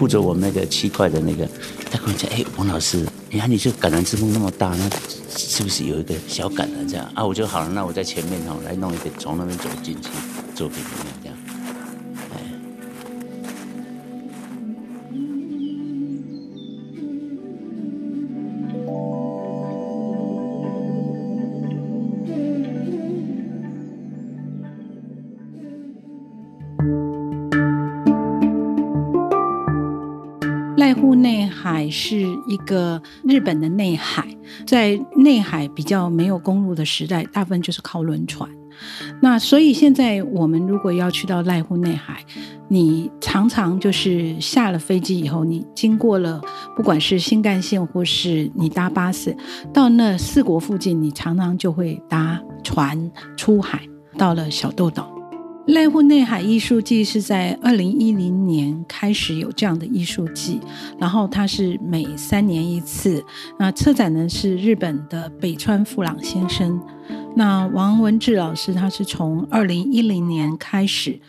護着我那個七塊的那個，他跟我講：“哎，王老師，你看你這橄欖枝木那麼大，那是不是有一個小橄欖這樣？”啊，我就好了，那我在前面吼，來弄一個從那邊走進去作品裡面這樣。海是一個日本的內海，在內海比較沒有公路的時代，大部分就是靠輪船。那所以現在我們如果要去到瀨戶內海，你常常就是下了飛機以後，你經過了不管是新幹線或是你搭巴士到那四國附近，你常常就會搭船出海，到了小豆島。瀨戶內海藝術祭是在二零一零年開始有這樣的藝術祭，然後它是每三年一次。那策展呢，是日本的北川富朗先生。那王文志老師他是從二零一零年開始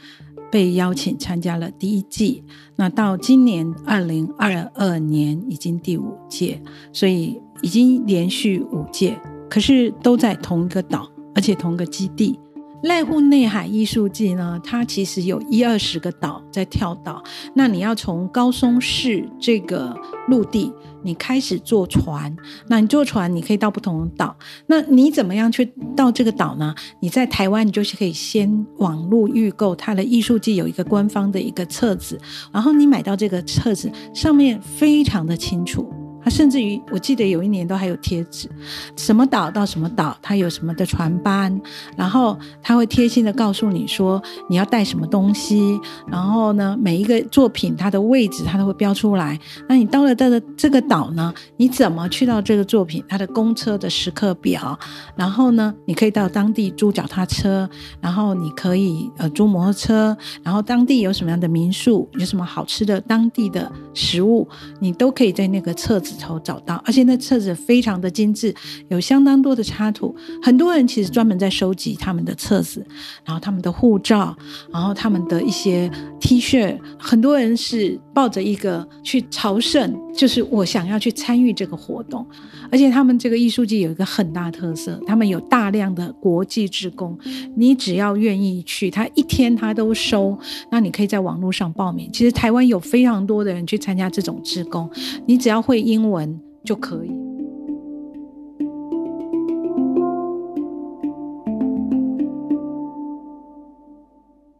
被邀請參加了第一季，那到今年二零二二年已經第五屆，所以已經連續五屆，可是都在同一個島，而且同一個基地。瀨戶內海藝術祭呢，它其實有一二十個島在跳島。那你要從高松市這個陸地，你開始坐船。那你坐船，你可以到不同的島。那你怎麼樣去到這個島呢？你在台灣，你就是可以先網路預購它的藝術祭有一個官方的一個冊子，然後你買到這個冊子，上面非常的清楚。他甚至於，我記得有一年都還有貼紙，什麼島到什麼島，他有什麼的船班，然後他會貼心的告訴你說你要帶什麼東西，然後呢，每一個作品它的位置它都會標出來。那你到了這個這個島呢，你怎麼去到這個作品？它的公車的時刻表，然後呢，你可以到當地租腳踏車，然後你可以呃租摩托車，然後當地有什麼樣的民宿，有什麼好吃的當地的食物，你都可以在那個冊子。頭找到，而且那冊子非常的精緻，有相當多的插圖。很多人其實專門在收集他們的冊子，然後他們的護照，然後他們的一些 T 恤。很多人是抱着一個去朝聖。就是我想要去參與這個活動，而且他們這個藝術祭有一個很大特色，他們有大量的國際志工，你只要願意去，他一天他都收，那你可以在網絡上報名。其實台灣有非常多的人去參加這種志工，你只要會英文就可以。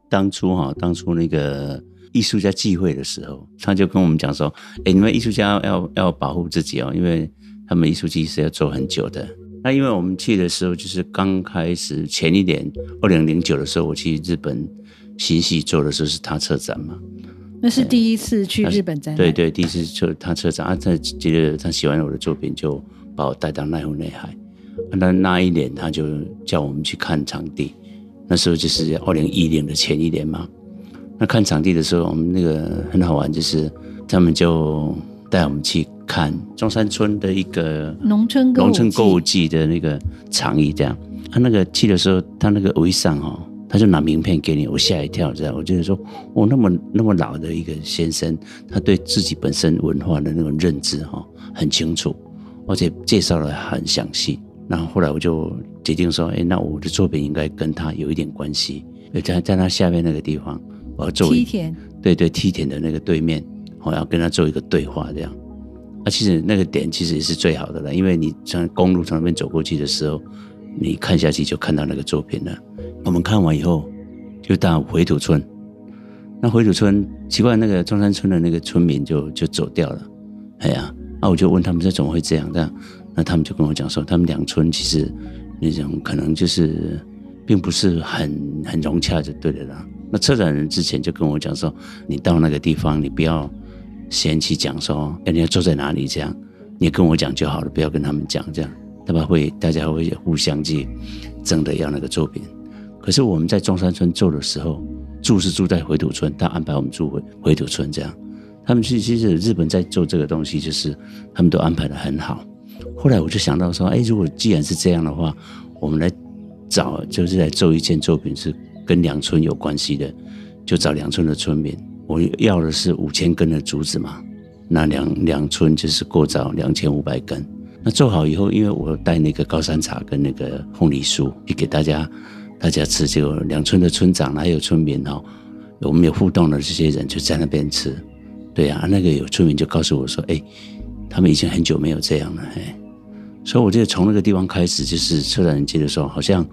當初哈，當初那個。藝術家聚會的時候，他就跟我們講說：“哎、欸，你們藝術家要要保護自己哦、喔，因為他們藝術祭是要做很久的。那因為我們去的時候，就是剛開始前一年，二零零九的時候，我去日本新潟做的時候是他策展嘛，那是第一次去日本展。對，對對，第一次去他策展啊，他覺得他喜歡我的作品，就把我帶到瀨戶內海。那那一年他就叫我們去看場地，那時候就是二零一零的前一年嘛。”那看場地的時候，我們那個很好玩，就是他們就帶我們去看中山村的一個農村農村歌舞伎的那個場地。這樣，他那個去的時候，他那個圍上哈，他就拿名片給你，我嚇一跳，這樣我就是說，我、哦、那麼那麼老的一個先生，他對自己本身文化的那種認知哈很清楚，而且介紹得很詳細。然後後來我就決定說，哎、欸，那我的作品應該跟他有一點關係。在在那下面那個地方。做梯田，對對，梯田的那個對面，我、哦、要跟他做一個對話，這樣。啊，其實那個點其實也是最好的了，因為你從公路從那邊走過去的時候，你看下去就看到那個作品了。我們看完以後，就到回土村。那回土村，奇怪，那個中山村的那個村民就就走掉了。哎呀，那、啊、我就問他們這怎麼會這樣，這樣？這那他們就跟我講說，他們兩村其實那種可能就是並不是很很融洽，就對了啦。那策展人之前就跟我講說，你到那個地方，你不要嫌棄講說，哎，你要坐在哪裡這樣，你跟我講就好了，不要跟他們講這樣，他們會大家會互相去爭著要那個作品。可是我們在中山村做的時候，住是住在回土村，他安排我們住回回土村這樣。他們其實日本在做這個東西，就是他們都安排得很好。後來我就想到說，哎、欸，如果既然是這樣的話，我們來找就是來做一件作品是跟兩村有關係的，就找兩村的村民。我要的是五千根的竹子嘛，那兩兩村就是過早兩千五百根。那做好以後，因為我帶那個高山茶跟那個鳳梨酥去給大家大家吃，就兩村的村長還有村民哦、喔，我們有互動的這些人就在那邊吃。對啊，那個有村民就告訴我說：“哎、欸，他們已經很久沒有這樣了。欸”哎，所以我覺得從那個地方開始，就是策展人節的時候，好像。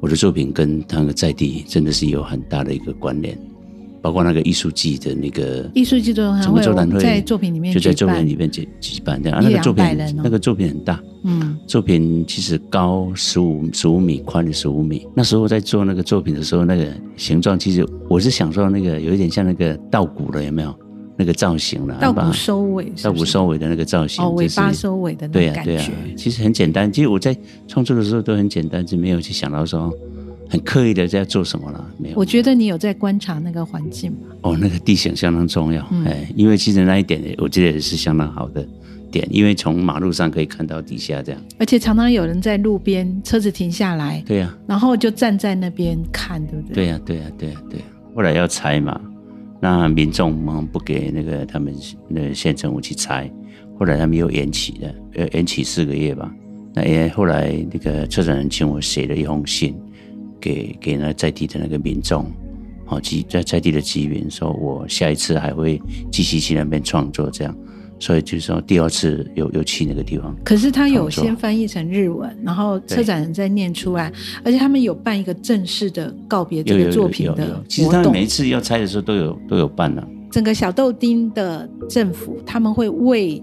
我的作品跟他的在地真的是有很大的一個關聯，包括那個藝術祭的那個藝術祭座談會，在作品裡面就在作品裡面舉,舉辦這樣啊，那個作品那個作品很大，嗯，作品其實高十五十五米，寬十五米。那時候在做那個作品的時候，那個形狀其實我是想說那個有一點像那個稻谷的，有沒有？那個造型了，到谷收尾是是，到谷收尾的那個造型，就是，尾巴收尾的那個感覺對呀對呀，其實很簡單。其實我在創作的時候都很簡單，就沒有去想到說很刻意的在做什麼了。沒有，我覺得你有在觀察那個環境嘛？哦，那個地形相當重要，哎、嗯欸，因為其實那一點我覺得也是相當好的點，因為從馬路上可以看到底下這樣，而且常常有人在路邊車子停下來，對呀、啊，然後就站在那邊看，對不對？對呀、啊、對呀、啊、對呀、啊、對呀、啊，後來要拆嘛。那民眾不給那個他們那縣政府去拆，後來他們又延期了，呃，延期四個月吧。那也後來那個策展人請我寫了一封信給，給給那在地的那個民眾，哦，集在在地的居民，說我下一次還會繼續去那邊創作這樣。所以就是說第二次又又去那個地方。可是他有先翻譯成日文，好好，然後策展人再念出來，對而且他們有辦一個正式的告別這個作品的。其實他們每一次要拆的時候都有都有辦吶、啊。整個小豆島的政府，他們會為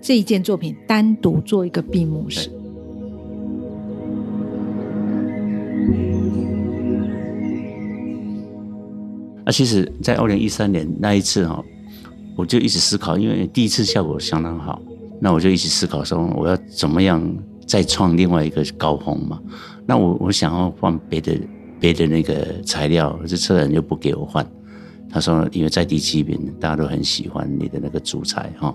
這一件作品單獨做一個閉幕式。那其實，在二零一三年那一次哈。我就一直思考，因為第一次效果相當好，那我就一直思考說，我要怎麼樣再創另外一個高峰嘛？那我我想要換別的別的那個材料，策展人又不給我換，他說，因為在地居民大家都很喜歡你的那個竹材哈，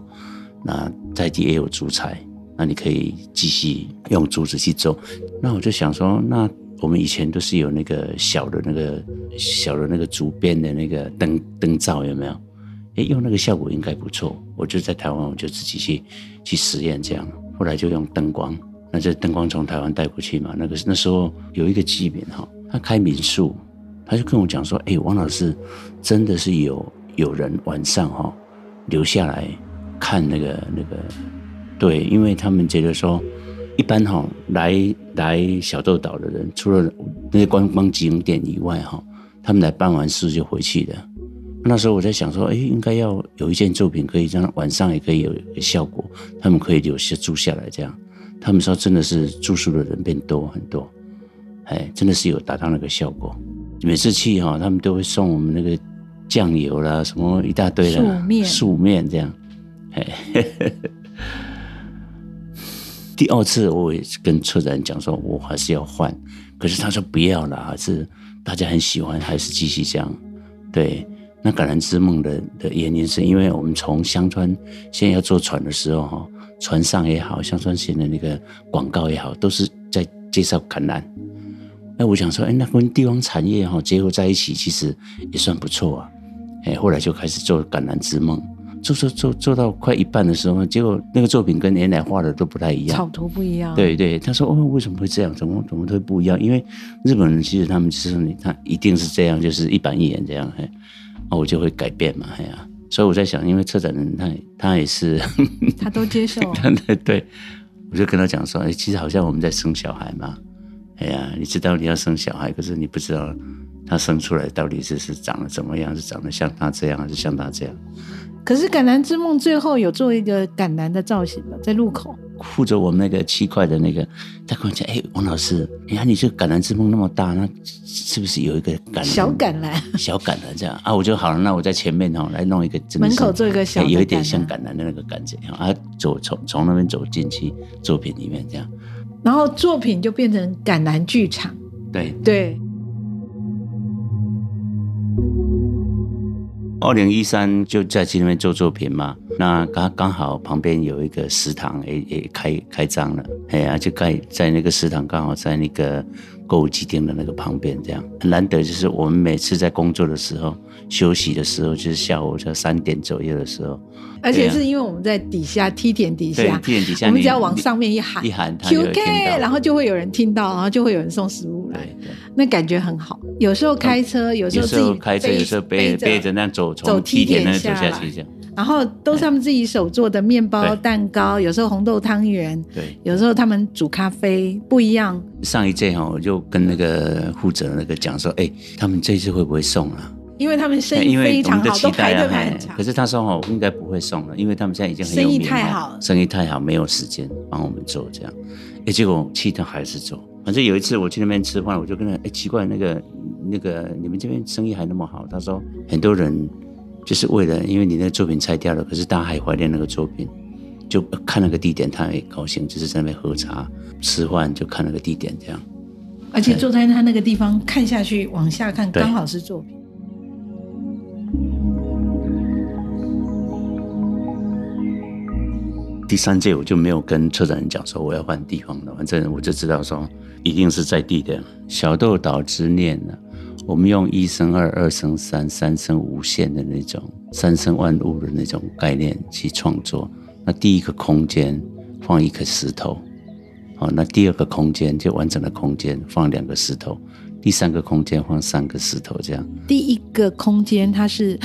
那在地也有竹材，那你可以繼續用竹子去做。那我就想說，那我們以前都是有那個小的那個小的那個竹編的那個燈燈罩，有沒有？誒，用那個效果應該不錯，我就在台灣，我就自己去去實驗這樣。後來就用燈光，那這燈光從台灣帶過去嘛。那個那時候有一個居民哈，他開民宿，他就跟我講說：“誒，王老師，真的是有有人晚上哈留下來看那個那個。”對，因為他們覺得說，一般哈來來小豆島的人，除了那些觀光景點以外哈，他們來辦完事就回去的。那時候我在想說，哎、欸，應該要有一件作品可以這樣，晚上也可以有一個效果，他們可以有些住下來這樣。他們說真的是住宿的人變多很多，哎、欸，真的是有達到那個效果。每次去哈，他們都會送我們那個醬油啦，什麼一大堆的素面，素面這樣。哎、欸， 第二次我跟策展講說，我還是要換，可是他說不要了，還是大家很喜歡，還是繼續這樣，對。那橄欖織夢的的原因是，因為我們從香川現在要坐船的時候，哈，船上也好，香川縣的那個廣告也好，都是在介紹橄欖。那我想說、欸，那跟地方產業哈結合在一起，其實也算不錯啊。哎，後來就開始做橄欖織夢，做，做做做做到快一半的時候，結果那個作品跟原來畫的都不太一樣，草圖不一樣。對，對對，他說哦，為什麼會這樣？怎麼，怎麼會不一樣？因為日本人其實他們其、就、實、是、他一定是這樣，就是一板一眼這樣。嘿。哦，我就會改變嘛，哎呀、啊，所以我在想，因為策展人他，他也是，他都接受、啊。 對，對我就跟他講說，哎、欸，其實好像我們在生小孩嘛，哎呀、啊，你知道你要生小孩，可是你不知道他生出來到底是是長得怎麼樣，是長得像他這樣，還是像他這樣。可是《橄欖之夢》最後有做一個橄欖的造型嗎？在路口。護着我們那個七塊的那個，他跟我講：“哎，王老師，你看你這《橄欖織夢》那麼大，那是不是有一個橄欖？小橄欖，小橄欖這樣啊？我就好了，那我在前面哦，來弄一個真的，門口做一個小感、欸，有一點像橄欖的那個感覺啊，走，從從那邊走進去作品裡面這樣，然後作品就變成橄欖劇場。對對。對”二零一三就在這裡面做作品嘛，那剛剛好旁邊有一個食堂也也開開張了，哎呀、啊、就蓋在那個食堂，剛好在那個。購物集店的那個旁邊，這樣很難得，就是我們每次在工作的時候，休息的時候就是下午在三點左右的時候，啊、而且是因為我們在底下梯田底下，對梯田底下我們只要往上面一喊，一喊他，Q K，UK, 然後就會有人聽到，然後就會有人送食物來，對對，那感覺很好。有時候開車，嗯、有時候自己開車，有時候背背着著著那樣走，從梯田那走下去這樣。然後都是他們自己手做的麵包、蛋糕，哎、有時候紅豆湯圓，對，有時候他們煮咖啡，不一樣。上一屆哦，我就跟那個負責那個講說，哎，他們這次會不會送了、啊？因為他們生意非常好，的期待啊、都排的很長、哎、可是他說哦，應該不會送了，因為他們現在已經很有名，生意太好，生意太好，沒有時間幫我們做這樣。哎，結果氣他還是做。反正有一次我去那邊吃飯，我就跟他，哎，奇怪，那個那個你們這邊生意還那麼好？他說很多人。就是為了，因為你那個作品拆掉了，可是大家還懷念那個作品，就看那個地點，他也高興，就是在那邊喝茶、吃飯，就看那個地點這樣。而且坐在他那個地方對看下去，往下看，剛對好是作品。第三屆我就沒有跟策展人講說我要換地方了，反正我就知道說一定是在地點“小豆島之戀啊”了。我們用一生二，二生三，三生無限的那種，三生萬物的那種概念去創作。那第一個空間放一顆石頭，好，那第二個空間就完整的空間放兩個石頭，第三個空間放三個石頭，這樣。第一個空間它是。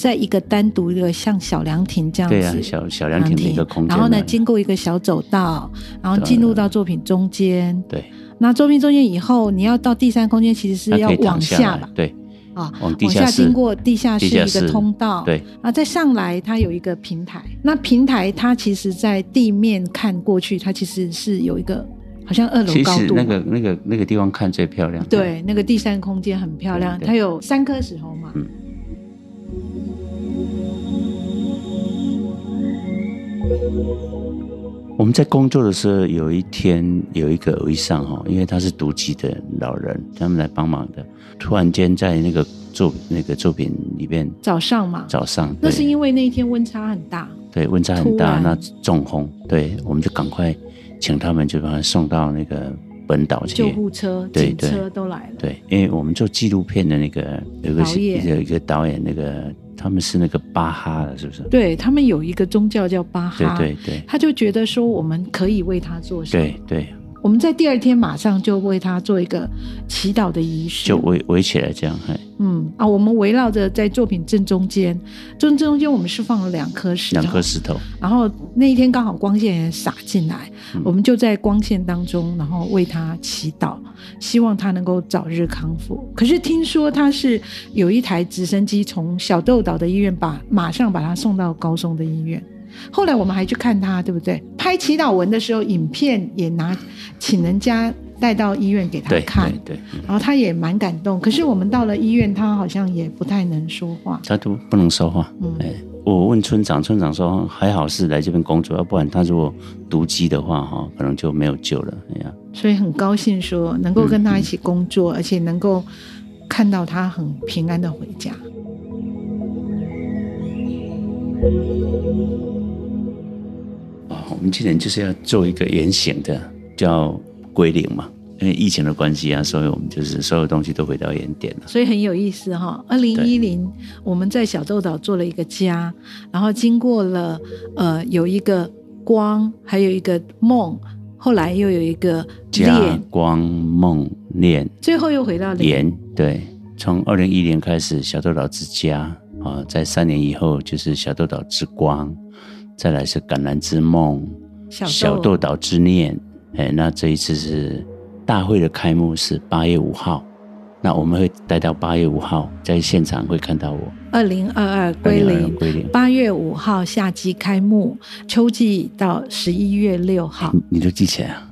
在一個單獨的像小涼亭這樣子，對、啊、小小涼亭的一個空間。然後呢，經過一個小走道，然後進入到作品中間。對。那作品中間以後，你要到第三空間，其實是要往下，下對，啊，往下經過地下室一個通道。對。啊，再上來，它有一個平台。對那平台它其實，在地面看過去，它其實是有一個好像二樓高度。其實那個那個那個地方看最漂亮。對，對那個第三空間很漂亮，嗯、它有三顆石頭嘛。嗯我們在工作的時候，有一天有一個會議上哈，因為他是獨居的老人，他們來幫忙的。突然間在那個作那個作品裡面，早上嘛，早上，那是因為那一天溫差很大，對，溫差很大，然那中風，對，我們就趕快請他們就把他送到那個本島這救護車、對，警車都來了對。對，因為我們做紀錄片的那個有個是演有一個導演那個。他們是那個巴哈的，是不是？對，他們有一個宗教叫巴哈，對對對，他就覺得說我們可以為他做什麼？對，對對。我們在第二天馬上就為他做一個祈禱的儀式，就圍圍起來這樣，嗯啊，我們圍繞着在作品正中間，正中間我們是放了兩顆石頭，兩顆石頭。然後那一天剛好光線也灑進來，嗯、我們就在光線當中，然後為他祈禱，希望他能夠早日康復。可是聽說他是有一台直升機從小豆島的醫院把馬上把他送到高松的醫院。後來我們還去看他，對不對？拍祈禱文的時候，影片也拿，請人家帶到醫院給他看。對，對，對，然後他也蠻感動。可是我們到了醫院，他好像也不太能說話。他都不能說話。嗯、哎。我問村長，村長說還好是來這邊工作，要不然他如果獨居的話，哈，可能就沒有救了。哎呀。所以很高興說能夠跟他一起工作，嗯、而且能夠看到他很平安的回家。我們今年就是要做一個圓形的，叫歸靈嘛，因為疫情的關係啊，所以我們就是所有東西都回到原點了。所以很有意思哈，二零一零我們在小豆島做了一個家，對然後經過了呃有一個光，還有一個夢，後來又有一個戀家光夢戀、夢，最後又回到戀。對。從二零一零年開始，小豆島之家啊，在三年以後就是小豆島之光。再來是橄《橄欖織夢》、《小豆島之戀》欸。哎，那這一次是大會的開幕是八月五號，那我們會待到八月五號，在現場會看到我。二零二二歸靈，八月五號夏季開幕，秋季到十一月六號你。你都記起來，啊。